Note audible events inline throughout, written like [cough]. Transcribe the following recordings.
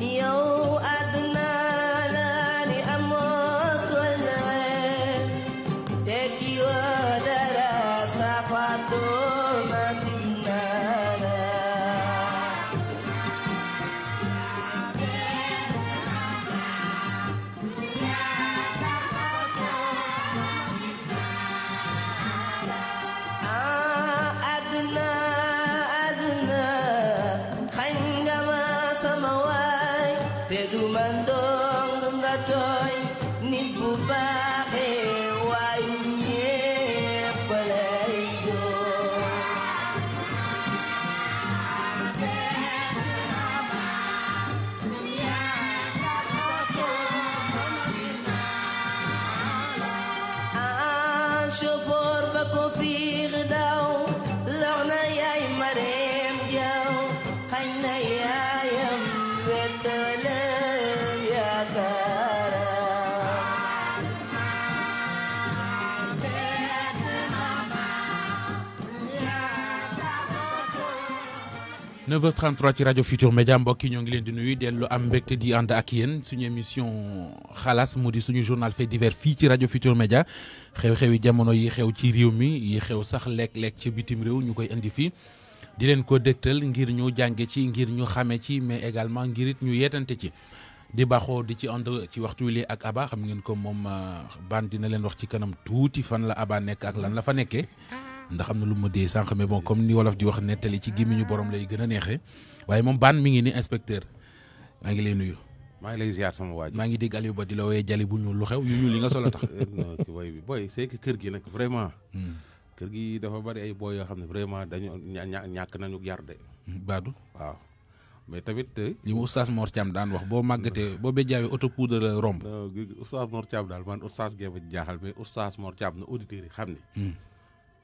有。9h33 ci rajo Futur Média mbokki ñu ngi leen di nuyu dellu am mbégte di and ak yéen suñu émission xalas mu di suñu journal fait divers fi ci Radio Futur Média xew-xewi jamono yi xew ci réew mi yi xew sax lekk-lekk ci bitim réew ñukoy andi fi di leen ko dégtal ngir ñu jàngé ci ngir ñu xamé ci mais également ngir it ñu yétanté ci di baaxoo di ci ànd ci waxtu li ak Aba xam ngeen ko mom ah, ban dina leen wax ci kanam touti fan la Aba nek ak lan la fa nekkee. Ah. ndax am na lu ma dee sànq mais bon comme ni wolof di wax nettali ci gémmiñu borom lay gën a neexee waaye moom baan mi ngi ni inspecteur maa ngi lay nuyu. maa ngi lay ziar sama waa maa ngi dégg Aliou Ba di la wooyee jali bu ñuul lu xew yu ñuul li nga solo tax. [laughs] non ci bi booy c'est kër gi nag vraiment. Hmm. kër gi dafa bari ay booy yoo xam ne vraiment dañu ña ñàkk nañu yar de. Hmm, Badou waaw. mais tamit. Euh, li mu oustaz Mor Thiam daan wax boo màggatee boo béjjaawee auto poudre la romb. oustaz Mor Thiam daal man oustaz Guèye ba jaaxal mais oustaz Mor Thiam na auditeurs yi xam ni.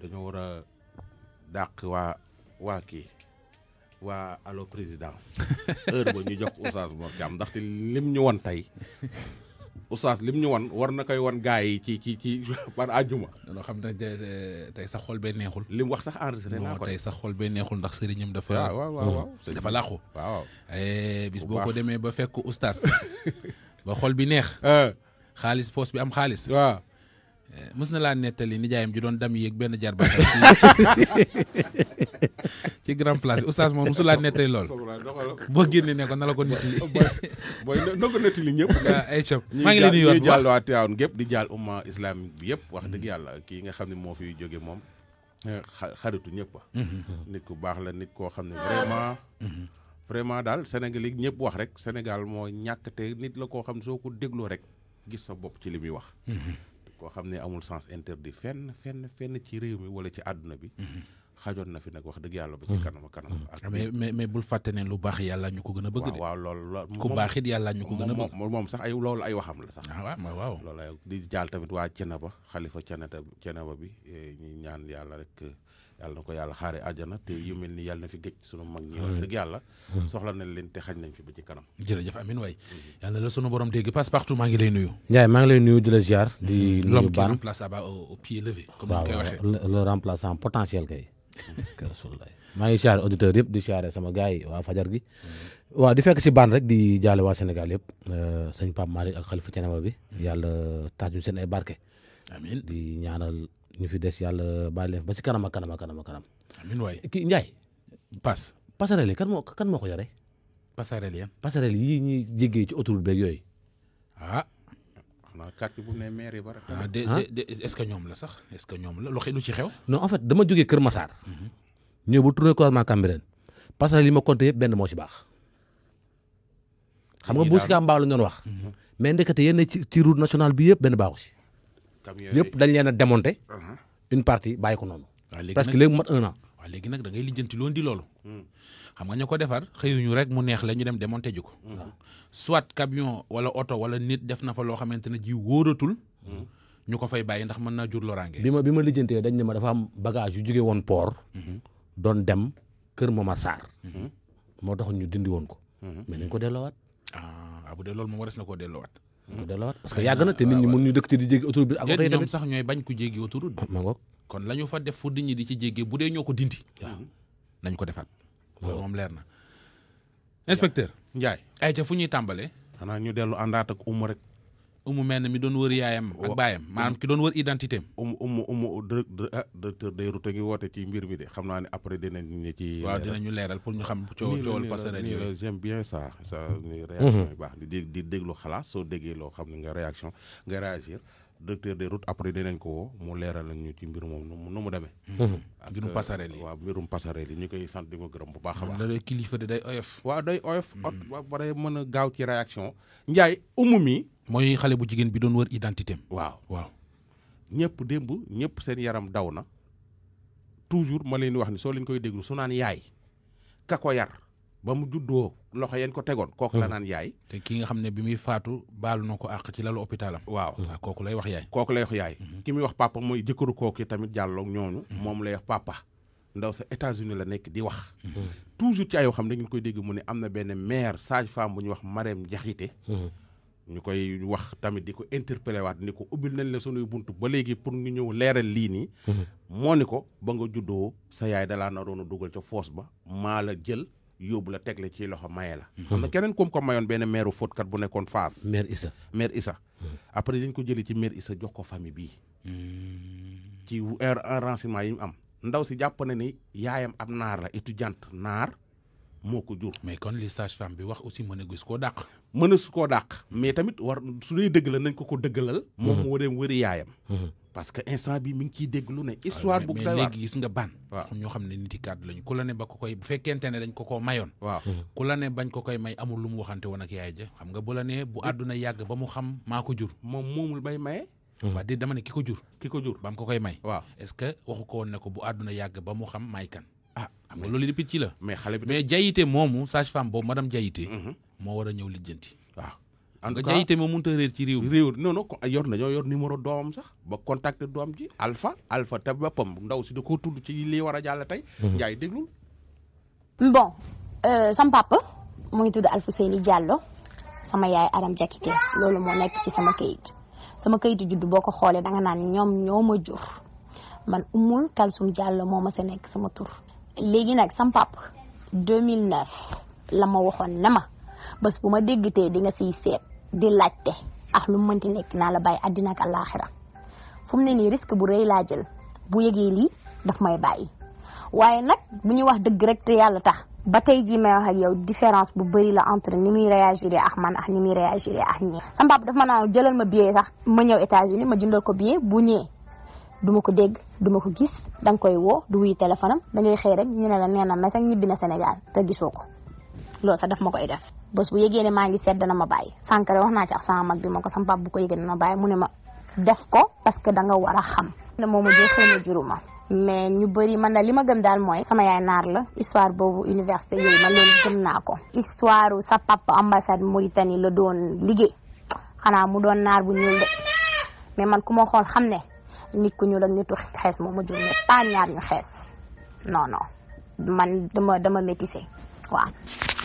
dañoo war a dàq waa waa kii waa allo présidence [laughs] heure ba ñu jox oustaz Mor Thiam ndaxte lim ñu won tey oustaz lim ñu won war na koy won gaa yi ci ci ci [laughs] par àjjuma. loo xam ne tey sax xol bee neexul. lim wax sax enregistré naa ko tey sax xol bee neexul ndax sëriñam dafa. waaw [laughs] dafa làqu. waaw eh, bis boo ko demee ba fekk oustaz ba xol bi neex. Euh. xaalis poos bi am xaalis. waa musna la netali ni jaayam ju don dam ak ben jarba [laughs] ci grand place oustaz mom mosu laa nettali lool boo génne ne ko na la ko nettali [laughs] booy na ko nettali ñëpp ay ciop ma ngi leen di yoon jàll waa Tiwaawan gépp di jall umma islamique bi yëpp wax deug mm-hmm. yalla ki nga xamni mo fi jóge mom eh, xaritu ñepp ba mm-hmm. nit ku bax la nit ko xamni vraiment mm-hmm. vraiment dal Sénégal yi wax rek Sénégal mo ñàkk nit la ko xam soko rek gis sa bop ci limi wax koo xam ne amul sens interdit fenn fenn fenn ci réew mi wala ci àdduna bi. Mhm. xajoon na fi nag wax dëgg yàlla ba ci kanam mhm. kanam. ak ah, mais mais mais bul fàtte ne lu baax yàlla ñu ko gën a bëgg. waaw waaw loolu ku baax it yàlla ñu ko gën a bëgg. moom sax ay loolu ay waxam la sax. ah waaw loolu ay di jaal tamit waa Ceneba xalifa Ceneba bi eh, ñu ñaan yàlla rek. yàlla na ko yàlla xaare àjjana te hmm. yu mel ni yàlla na fi géej sunu mag ñi wax hmm. dëgg yàlla hmm. soxla nañ leen te xañ nañ fi ba ci kanam jërëjëf amin way yàlla la sunu borom dégg passe partout maa ngi lay nuyu Ndiaye maa ngi lay nuyu di la ziar di nuyu baan remplace Abba au pied levé comme ni koy waxee le remplaçant potentiel kay [laughs] maa ngi ziar auditeur yëpp di ziare sama gars yi waa fajar gi waaw di fekk si ban rek di jaale waa Sénégal yëpp euh, sëñ Pape Malick ak xalifa Thiénaba bi yàlla tajju ñu seen ay barke amin di ñaanal ñu fi dess yalla bàyyi ba ci kanam kanam kanam kanam. amin way ki Ndiaye. pass passerelle kan mo kan moko yoré yore. passerelle yi ya. passerelle yi ñi jéggee ci autoroute bék yoy ah. xanaa kàcc bu né maire yi ba. ah de de est-ce que ñoom la sax est-ce que ñoom la lu ci xew. non en fait dama joggé Kër Massar. Mhm. ñëw bu tourné croisement Cambérène passerelle yi ma compté yëpp benn moo ci bax xam nga bu si mbaaw la ñon wax. Mhm. mais ndekete yenn ci route nationale bi yépp ben baaxu ci yëpp dañ leen a démonté une partie bàyyi ko noonu presque léegi mat un an da ngay lijjanti loon di loolu hmm. xam nga ña ko defar xëyuñu rek mu neex la ñu dem démonté ji ko hmm. soit camion wala oto wala nit def na fa loo xamante ne ji wóoratul hmm. ñu ko fay bàyyi ndax mën naa jur loraange bi ma bi ma lijjantee dañ ne ma dafa am bagage yu jóge woon port doon dem kër a Sarr moo taxoon ñu dindi woon ko mais ko ah, dee loolu moom ko parce que yàgg na te nit ñi mën ñu dëkk te di jéggi autoroute bi ak oto yi tamit sax ñooy bañ ku jéggi autoroute kon la ñu fa def fu nit ñi di ci jéggee bu dee ñoo ko dindi waaw nañ ko defaat loolu moom leer na inspecteur Ndiaye ay ca fu ñuy tàmbalee xanaa ñu dellu àndaat ak umma rek umu mel mi doon wër yaayam ak baayam maanaam ki doon wër identité am umu umu umu ah, directeur des routes ngi woote ci mbir mi de xam naa ne après dinañ ñu ci waaw dinañu leeral pour ñu xam coow coowal passerelle yooyu j'aime bien ça ça réaction mhm. yu baax di di déglu xalaat soo déggee loo xam ne nga réaction nga réagir directeur des routes après dinañ ko woo mu leeral ñu ci mbiru moom nu mu demee. Mhm. ak mbirum euh, passerelle yi waaw mbirum passerelle ñu koy sant di ko gërëm bu baax a baax. da kilifa de day oyof. waaw day oyof. Mhm. ot ba pare mën a gaaw ci réaction. Ndiaye umu mii mooy xale bu jigéen bi doon wër identité am. waaw waaw. ñëpp démb ñëpp seen yaram daw na toujours ma leen di wax ni soo leen koy déglu su naan yaay kako ko yar. ba mu juddoo loxo yan ko tegoon kooku la hmm. naan yaay te ki nga xam ne bi muy faatu baalu na ko àq ci lalu hôpitalam waaw ah, kooku lay wax yaay kooku lay wax yaay hmm. ki muy wax papa mooy jëkkëru kooku tamit jàlloog ñooñu hmm. moom lay wax papa ndaw sa états uni la nekk di wax toujours ci ay yoo xam ne ngeen koy dégg mu ne am na benn maire sage-femme bu ñuy wax Marème Diakhité ñu koy wax tamit di ko interpellé waat ni ko ubbil nañ la sunuy bunt ba léegi pour ñu ñëw leeral lii nii moo ni ko ba nga juddoo sa yaay dalaa naroon a dugal ca foos ba maa la jël yóbbu la tegle ci loxo maye la. Mhm. am na keneen koom mu ko mayoon benn meeru fóotkat bu nekkoon Faas. maire Issa maire Issa. Mhm. après dañ ko jëlee ci maire Issa jox ko famille bi mhm. ci un er, er, renseignement yi mu am. ndaw si jàpp na ni yaayam ab naar la étudiante naar moo ko jur. mais kon li sage bi wax aussi mën a gis koo dàq. mën a su koo dàq. mais tamit war su dee dëgg la nañ ko ko dëggalal. moom moo dem wëri yaayam. parce que instant bi mi ngi ciy dégg lu ne. Ah, histoire bu doy léegi gis nga ban. waaw ñoo xam ne nit yi kàddu lañu ku la ne ba ko koy bu fekkente ne dañ ko koo mayoon. waaw mm-hmm. ku la ne bañ ko koy may amul lu mu waxante woon ak yaay ja xam nga bu la ne bu àdduna yàgg ba mu xam maa ko jur. moom moomul bay maye. Mm-hmm. waa di dama ne ki ko jur. ki ko jur ba mu ko koy may. waaw est-ce que waxu ko woon ne ko bu àdduna yàgg ba mu xam may kan. ah am na loolu lépp ci la. mais xale bi mais jayite moomu sage femme boobu madame jayite. Mm-hmm. moo war a ñëw lijjanti waaw. en tout cas jaay itam mënut a réer ci réew réew non non yor na yor numéro sax ba ji alpha alpha te boppam ndaw si da koo ci lii war a jàll tey mhm. njaay bon euh, sam papa mu ngi tudd alfuseyni diallo sama yaay aram jakite loolu moo nekk ci sama kayit sama kayitu judd boo ko da nga naan ñoom ñoo man umul kalsum diallo moo ma sa sama tur léegi nag sam papa 2009 lama waxon waxoon bas buma deggete di nga siy set di laajte ax ah, lu mënti nekk naa la bàyyi àddina ak àllaaxira fu mu ne nii risque bu rëy laa jël bu yëgee lii daf may bàyyi waaye nag bu ñuy wax dëgg rek te yàlla tax ba tey jii may wax ak yow différence bu bëri la entre ni muy réagir ak man ak ni muy réagir ak ñii. sama papa ma naan jëlal ma billet sax ma ñëw États-Unis ma jëndal ko billet bu ñëwee du ma ko dégg du ma ko gis da nga koy woo du wuyu téléphone am xëy rek ñu ne la nee na message ñibbi na Sénégal te gisoo ko loolu sax daf ma koy def. bés bu yëgee ne maa ngi sedd na ma bàyyi sànq wax naa ci ak sama mag bi ma ko sama papa bu ko yëgee dana ma bàyyi mu ne ma def ko parce que danga nga war a xam. ne moom a jël mais ñu bëri man na li ma gëm daal mooy. sama naar la histoire boobu université yooyu man loolu naa ko. histoire sa papa ambassade Mauritanie la doon liggéey xanaa mu doon naar bu mais man ku ma xool xam ne nit ku ñuul ak nitu xees moom a jur mais pas ñaar ñu xees non dama dama métissé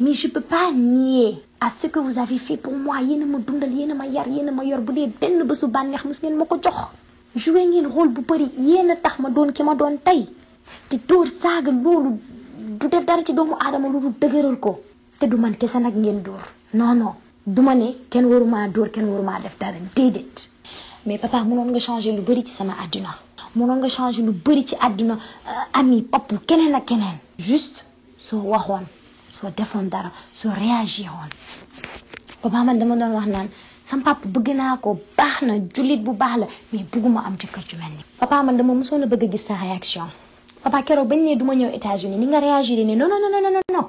mais je peux pas nier à ce que vous avez fait pour moi yéen a ma dundal yéen ma yar yéen ma yor bu dee benn bésu bànneex mos ngeen ma ko jox joué rôle bu bëri yéen a tax ma don, ki ma doon tey te dóor saaga loolu du dara ci doomu adama lu dul ko te du man kese nag ngeen dóor non non du ma ne kenn waruma dóor kenn waruma def dara it. mais papa mon nga changer lu bëri ci sama àdduna Mon nga changer lu bëri ci aduna, euh, ami papu keneen ak keneen juste so waxoon soo defoon dara soo réagir woon ba man dama doon wax naan sama papa bëgg naa ko baax na jullit bu baax la mais bëgguma am jëkkër ju mel ni papa man dama mosoon a bëgg a gis bañ ne du ma ñëw États-Unis ni nga réagir ni non non non non non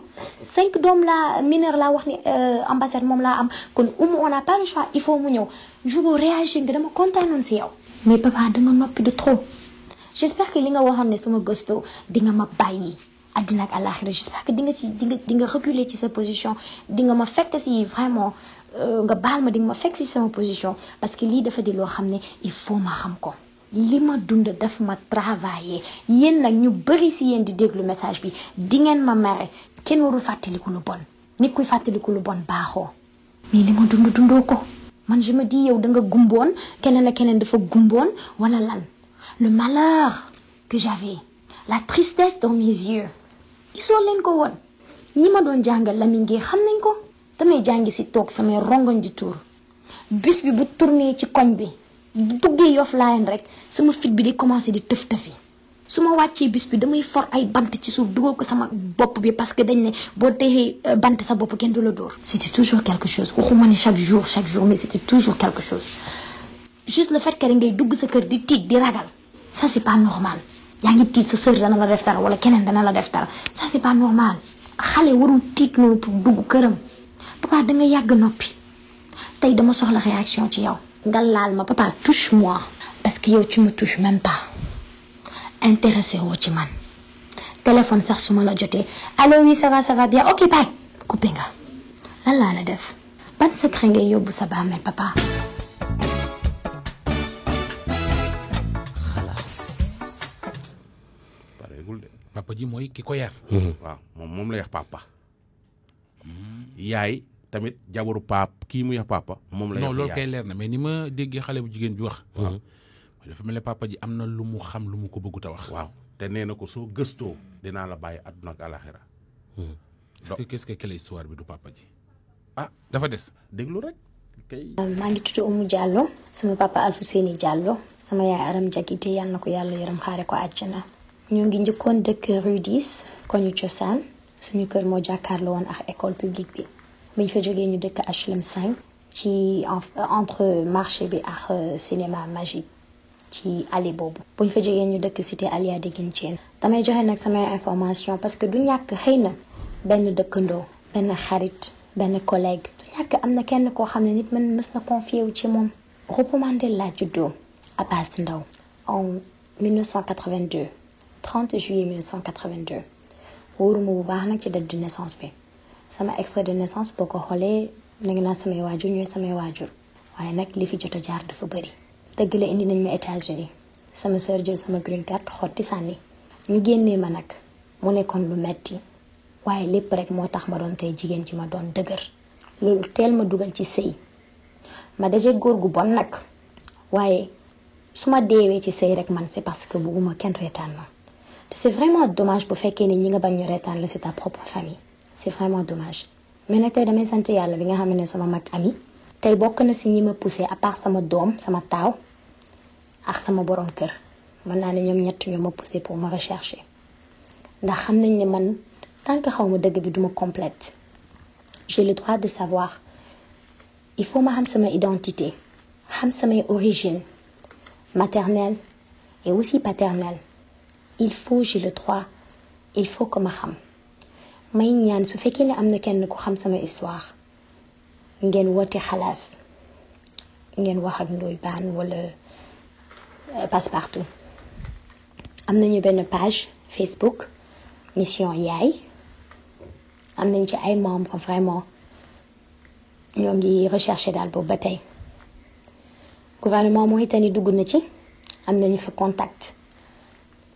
cinq doom la mineur laa wax ni euh, ambassade moom laa am kon umu on a pas le choix il faut mu ñëw jubóo réagir nga dama kontaanoon si yow. mais papa danga noppi de trop j'espère que li nga waxoon ne suma gëstoo di nga ma bàyyi. Adina ak àllaaxira j'espère que di nga ci di nga reculer ci sa position di nga ma fekk si vraiment euh, nga bal ma di nga ma fekk si sama position parce que lii dafa di loo xam ne il faut ma xam ko li ma dund daf ma travailler yéen nag ñu bëri si yéen di déglu message bi di ngeen ma mere kenn warul fàttaliku lu bon nit kuy fàttaliku lu bon baaxoo mais li ma dund dundoo ko man je me dis yow da nga gumboon keneen ak keneen dafa gumboon wala lan le malheur que j'avais la tristesse dans mes yeux gisoon leen ko woon ñi ma doon jàngal Lamine Gueye xam nañ ko damay jàngi si toog samay rongoñ di tuur bis bi bu tourné ci koñ bi bu duggee Yoff Layeen rek sama fit bi di commencé di tëf tëfi su ma wàccee bis bi damay for ay bant ci suuf dugal ko sama bopp bi parce que dañ ne boo texee euh, bant sa bopp kenn du la door c'était toujours quelque chose waxuma ne chaque jour chaque jour mais c'était toujours quelque chose juste le fait que ngay dugg sa kër di tiit di ragal ça c'est yaa ngi tiit sa sœur dana la def dara wala keneen dana la def dara ça c'est pas normal xale warul tiit noonu pour dugg këram papa da nga yàgg noppi tey dama soxla réaction ci yow. nga laal ma papa touche moi. parce que yow tu me touches même pas intéressé woo ci man téléphone sax suma la jotee allo oui ça va ça va bien ok bye coupé nga lan laa la def ban secret ngay yóbbu sa bàmmeel papa. papa ji moy kiko ko yar. waaw mom mom la yar papa. yaay tamit jaboru pap ki mu yar papa. mom la yar non lol kay leer na mais ni ma degge xale bu jigen bi wax. waaw dafa mel papa ji amna lu mu xam lu mu ko bëggu ta wax. waaw te nee ko so gesto dina la baye aduna ak alakhirah hmm est-ce que qu'est-ce que quelle histoire bi du papa ji. ah dafa dess deglu rek. maa ngi tudd Oumou Diallo sama papa Alfousseni Diallo sama yaay Aram Diakité yàlla na ko yàlla yaram xare ko àjjana. ñu ngi njëkkoon dëkk rue 10 koñu cosaan suñu kër moo jàkkaarloo woon ak école publique bi biñ fa jógee ñu dëkk HLM 5 ci entre marché bi ak euh, cinéma magique ci allée boobu buñ fa jógee ñu dëkk cité Alia Déguine Thiène damay joxe nag samay information parce que du ñàkk xëy na benn dëkkandoo benn xarit benn collègue du ñàkk am na kenn koo xam ne nit mën mës na confier wu ci moom recommandé laa juddoo Abbas Ndaw en 1982 30 juillet 1982 wóoruma bu baax nag ci date de naissance bi sama extrait de naissance boo ko xoolee nga naa samay waajur ñooy samay waajur waaye nag li fi jot a jaar dafa bëri dëgg la indi nañ ma États-Unis sama sœur jël sama green card xotti sànni ñu génnee ma nag mu nekkoon lu metti waaye lépp rek moo tax ma doon tey jigéen ci ma doon dëgër loolu teel ma dugal ci sëy ma daje góor gu bon nag waaye su ma deewee ci sëy rek man c'est parce que bugguma kenn reetaan ma c'est vraiment dommage pour faire ni ñi nga bañ ñu la c'est ta propre famille c'est vraiment dommage mais nag de damay sant à bi nga xam ne sama mag ami T'es bokk na si ñi pousser à part sama doom sama taaw ak sama borom kër mën naa ne ñoom ñett ñoo ma poussé pour me rechercher La xam nañ ni man tant que xaw ma dëgg bi duma complète j'ai le droit de savoir il faut ma xam sama identité xam samay origine maternelle et aussi paternelle il faut j'ai le droit il faut que ma xam may ñaan su fekkee ne am na kenn ku xam sama histoire ngeen woote xalaas ngeen wax ak Ndoye Bane wala euh, Passepartout am nañu benn page Facebook mission yaay am nañ ci ay membre vraiment ñoo ngi recherché daal boobu ba tey gouvernement Mauritanie dugg na ci am nañu fa contact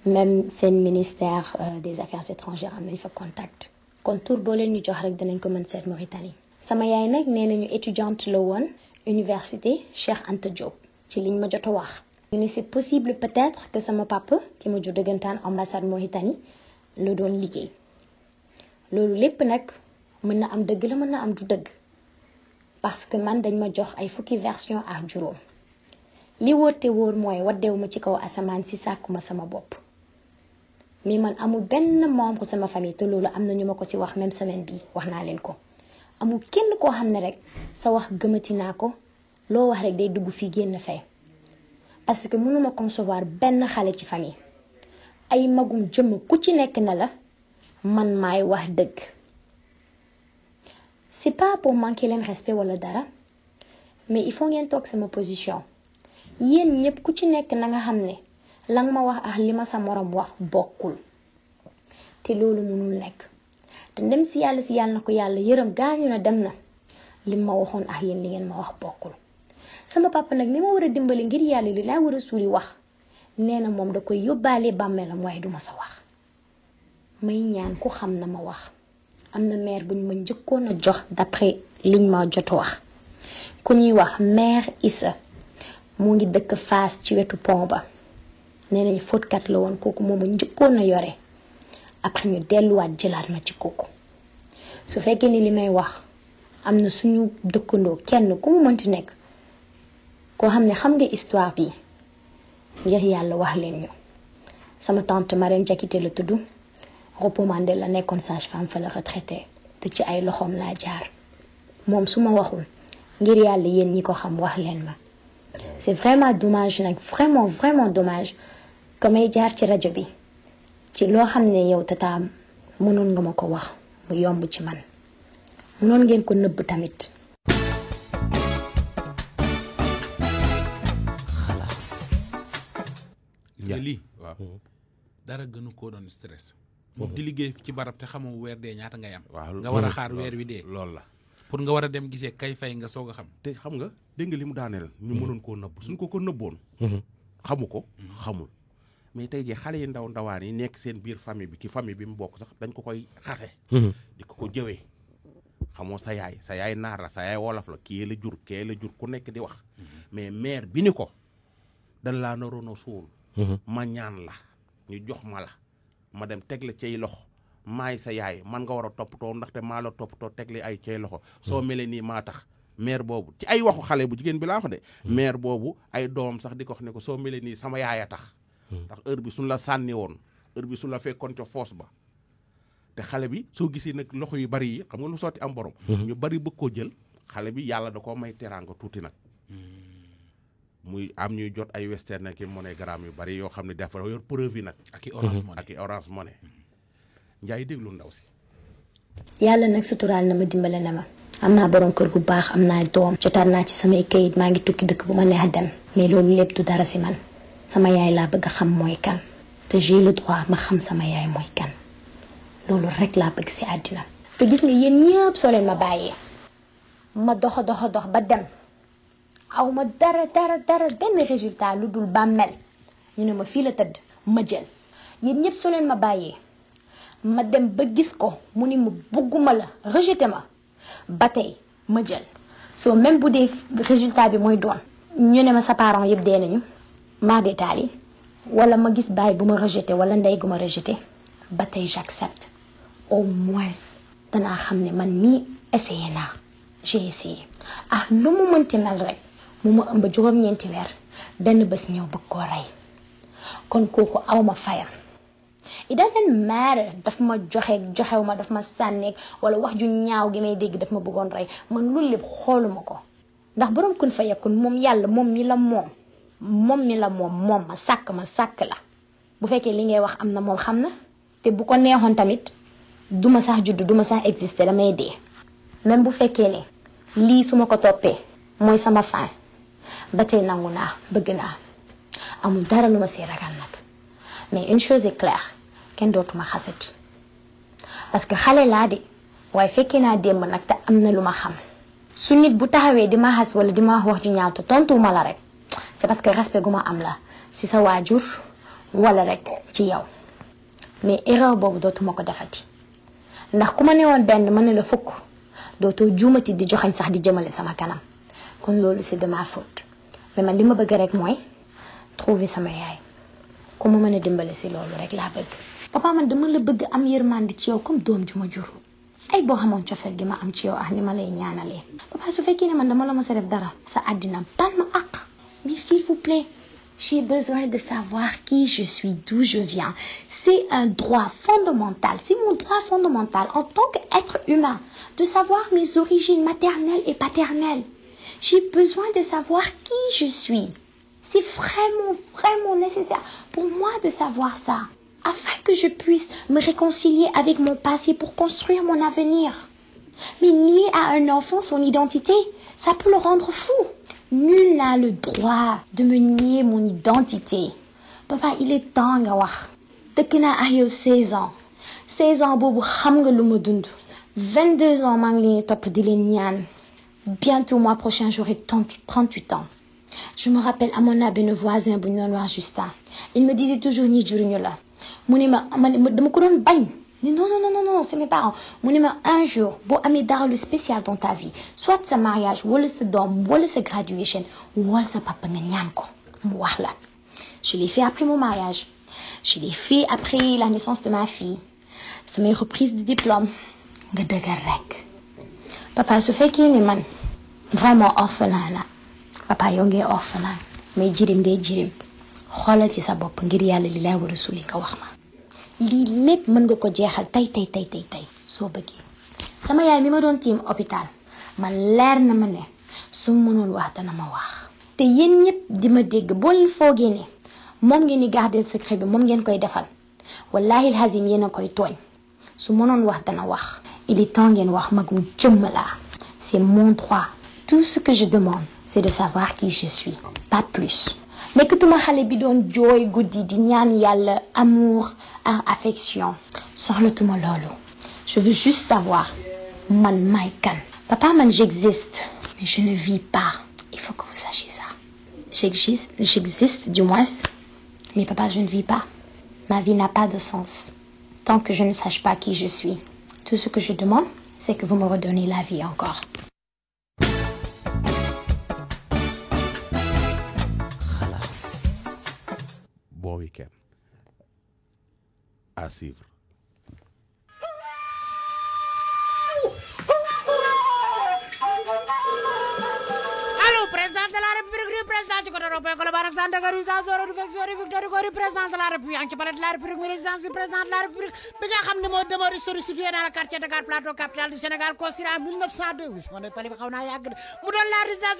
même seen ministère euh, des affaires étrangères am faut contact kon tur boo leen ñu jox rek dinañ ko mën seet Mauritanie sama yaay nag étudiante la université Cheikh Anta Diop ci liñ ma jot wax. c'est possible peut-être que sama papa ki ma jur dëggantaan ambassade Mauritanie la doon liggéey le lépp nag mën na am dëgg de mën am parce que man dañ ma jox ay fukki version ak Djuro. li wote wor moy waddeewu ma ci kaw asamaan si sakuma sama bop mais man amul benn membre ko sama famille te loolu am na ñu ma ko ci wax même semaine bi wax naa leen ko amul kenn koo xam ne rek sa wax gëmati naa ko loo wax rek day dugg fii génn fee parce que mënuma concevoir benn xale ci famille ay magum jëmm ku ci nekk na la man may wax dëgg c'est pas pour manquer leen respect wala dara mais il faut ngeen toog sama position yéen ñëpp ku ci nekk na nga xam ne lan ma wax ak li ma sa morom wax bokkul te loolu mënul nekk te ndem si yàlla si yàlla na ko yàlla yërëm gaañu na dem na li ma waxoon ak yéen li ngeen ma wax bokkul sama papa nag mi ma war a dimbali ngir yàlla li laa war a suuli wax nee na moom da koy yóbbaale bàmmeelam waaye du ma sa wax may ñaan ku xam na ma wax am na maire buñ ma njëkkoon a jox d'après liñ ma jot wax ku ñuy wax maire isa mu ngi dëkk Fass ci wetu pont nee nañ kat la woon kooku moom a njëkkoon a yore après ñu delluwaat jëlaat ma ci kooku su fekkee ni li may wax am na suñu dëkkandoo kenn ku mu mënti nekk koo xam ne xam nga histoire bi ngir yàlla wax leen ñu sama tante marine Diakité la tudd recommandé la nekkoon sage-femme fa la retraité te ci ay loxoom laa jaar moom su ma waxul ngir yàlla yéen ñi ko xam wax leen ma c'est vraiment dommage nag vraiment vraiment dommage que may jaar ci rajo bi ci loo xam ne yow tataa mënoon nga ma ko wax mu yomb ci man noon ngeen ko nëbb tamit xalaas lii waaw hmm. dara gënu koo doon stress hmm. boobu di liggéey ci barab te xamoo weer dee ñaata ngay am nga war a xaar weer wi de lool la pour nga war a dem gisee kay fay nga soog a xam te xam nga dégg li mu daaneel ñu hmm. mënoon koo nëbb suñ ko ko nëbboon xamu ko xamul mais tey jii xale yi ndaw ndawaan yi nekk seen biir famille bi ci famille bi mu bokk sax dañ ko koy xase mhm. di ko ko jëwee xamoo sa yaay sa yaay naar la sa yaay wolof la kii la jur la jur ku nekk di wax mhm. mais maire bi ni ko dañ laa naroon a suul mhm. ma ñaan la ñu jox ma la ma dem teg la cay loxo maay sa yaay man nga war a toppatoo ndaxte maa la toppatoo teg li ay cay loxo soo melee nii maa tax maire boobu ci ay waxu xale bu jigéen bi laa wax de maire boobu ay doom sax di ko wax ne ko soo mele nii sama yaay a tax Hmm. ndax heure bi suñ la sànni woon heure bi suñ la fekkoon ca foos ba te xale bi soo gisee nag loxo yu bari yi xam nga lu sotti am borom hmm. ñu bari bëgg koo jël xale bi yàlla da koo may teraanga tuuti nag hmm. muy am ñuy jot ay western ak i monogramme yu bari yoo xam ne dafa yor preuve nag ak i orange money ak i njaay déglu ndaw si yàlla nag suturaal na ma dimbale na ma am naa borom kër gu baax am naa doom jotaat naa ci samay kayit maa ngi tukki dëkk bu sama yaay la bëgg xam mooy kan te j'ai le droit ma xam sama yaay mooy kan loolu rek laa bëgg si àddina te gis nga yéen ñëpp soo leen ma bàyyi ma doxa doxa dox ba dem aw ma dara dara dara benn résultat lu dul bàmmel ñu ne ma fii la tëdd ma jël yéen ñëpp soo leen ma bàyyi ma dem ba gis ko mu ni ma bugguma la rejeté ma ba tey ma jël so même bu dee résultat bi mooy doon ñu ne ma sa parent yëpp dee nañu maa détaal yi wala ma gis baay bu ma rejeté wala ndey gu ma rejeté ba tey j'accepte au moins danaa xam ne man mii essayé naa j'ai essayé ah lu mu mënti mel rek mu ma ëmb juróom-ñeenti weer benn bés ñëw bëgg koo rey kon kooku awma fayam it doesn't matter daf ma joxe joxew ma daf ma sànneeg wala wax ju ñaaw gi may dégg daf ma bëggoon rey man loolu lépp xooluma ko ndax boroom kun fa yakun moom yàlla moom nii la moom moom mi la moom moom ma sàkk ma sàkk la bu fekkee li ngay wax am na moom xam na te bu ko neexoon tamit duma sax juddu duma ma sax exister damay dee même bu fekkee ne lii su ma ko toppee mooy sama fin ba tey nangu naa bëgg naa amul dara lu ma see ragal nag mais une chose est claire kenn dootuma xasati parce que xale laa de waaye fekkee naa démb nag te am na lu ma xam su nit bu taxawee di ma xas wala di ma wax ju ñaaw te tontuwuma la rek. c'est parce que respect gu ma am la ci sa waajur walla rek ci yow mais erreur boobu dootuma ko defati ndax ku ma woon benn mën na la fukk dootoo juumati di joxañ sax di jëmale sama kanam kon loolu c'est de ma li ma bëgg rek mooy trouver sama yaay ku ma mën a dimbali si loolu rek laa bëgg. papa man dama la bëgg am yërmande ci yow comme doom ju ma jur ay boo xamoon cofeel gi ma am ci yow ah ni ma lay ñaanalee. papa su fekkee ne man dama la mës a def dara sa àddina baal ah, s'il vous plaît. J'ai besoin de savoir qui je suis, d'où je viens. C'est un droit fondamental, c'est mon droit fondamental en tant qu'être humain, de savoir mes origines maternelles et paternelles. J'ai besoin de savoir qui je suis. C'est vraiment, vraiment nécessaire pour moi de savoir ça, afin que je puisse me réconcilier avec mon passé pour construire mon avenir. Mais nier à un enfant son identité, ça peut le rendre fou. Nul n'a le droit de me nier mon identité. Papa, il est temps nga wax dëkk naa yow 16 ans 16 ans boobu xam nga je dund 22 ans je suis di ñaan bientôt mois prochain j'aurai 38 ans je me rappelle à mon benn voisin bu ñu il me disait toujours ñi je la ne dama ko bañ non, non, non, non, non, c'est mes parents. Mon un jour, as ami le spécial dans ta vie, soit ce mariage, ou ce dom, ou ce graduation, ou ce papa Voilà. Je l'ai fait après mon mariage. Je l'ai fait après la naissance de ma fille. C'est mes reprises de diplôme. Papa, ce fait qu'il est vraiment orphelin là. Papa, il est orphelin. Mais jirim orphelin. jirim. est ci sa est ngir Il li orphelin li lépp mën nga ko jeexal tay tay tay tay, tay soo bëggee sama yaay mi ma doon tiim hôpital man leer na ma ne su mënoon wax dana ma wax te yéen ñëpp di ma dégg boo leen foogee ne moom ngeen di garder secret bi moom ngeen koy defal wallahi alhazim yéen a koy tooñ su mënoon wax dana wax il est temps ngeen wax magum jëmm laa c'est mon droit tout ce que je demande c'est de savoir qui je suis pas plus bi doon joy goudi di ñaan yalla amour le affection mon lolo. je veux juste savoir man papa man j'existe mais je ne vis pas il faut que vous sachiez ça j'existe j'existe du moins mais papa je ne vis pas ma vie n'a pas de sens tant que je ne sache pas qui je suis tout ce que je demande c'est que vous me redonnez la vie encore week-end. À suivre. président ci côté européen ko la barak san dagaru sa zoro du fek sori président de la république en ci palais de la république président de la république bi nga xam ne moo dans le quartier Dakar plateau capitale du Sénégal construit en 1902 sama palais bi xaw naa yàgg mu doon la résidence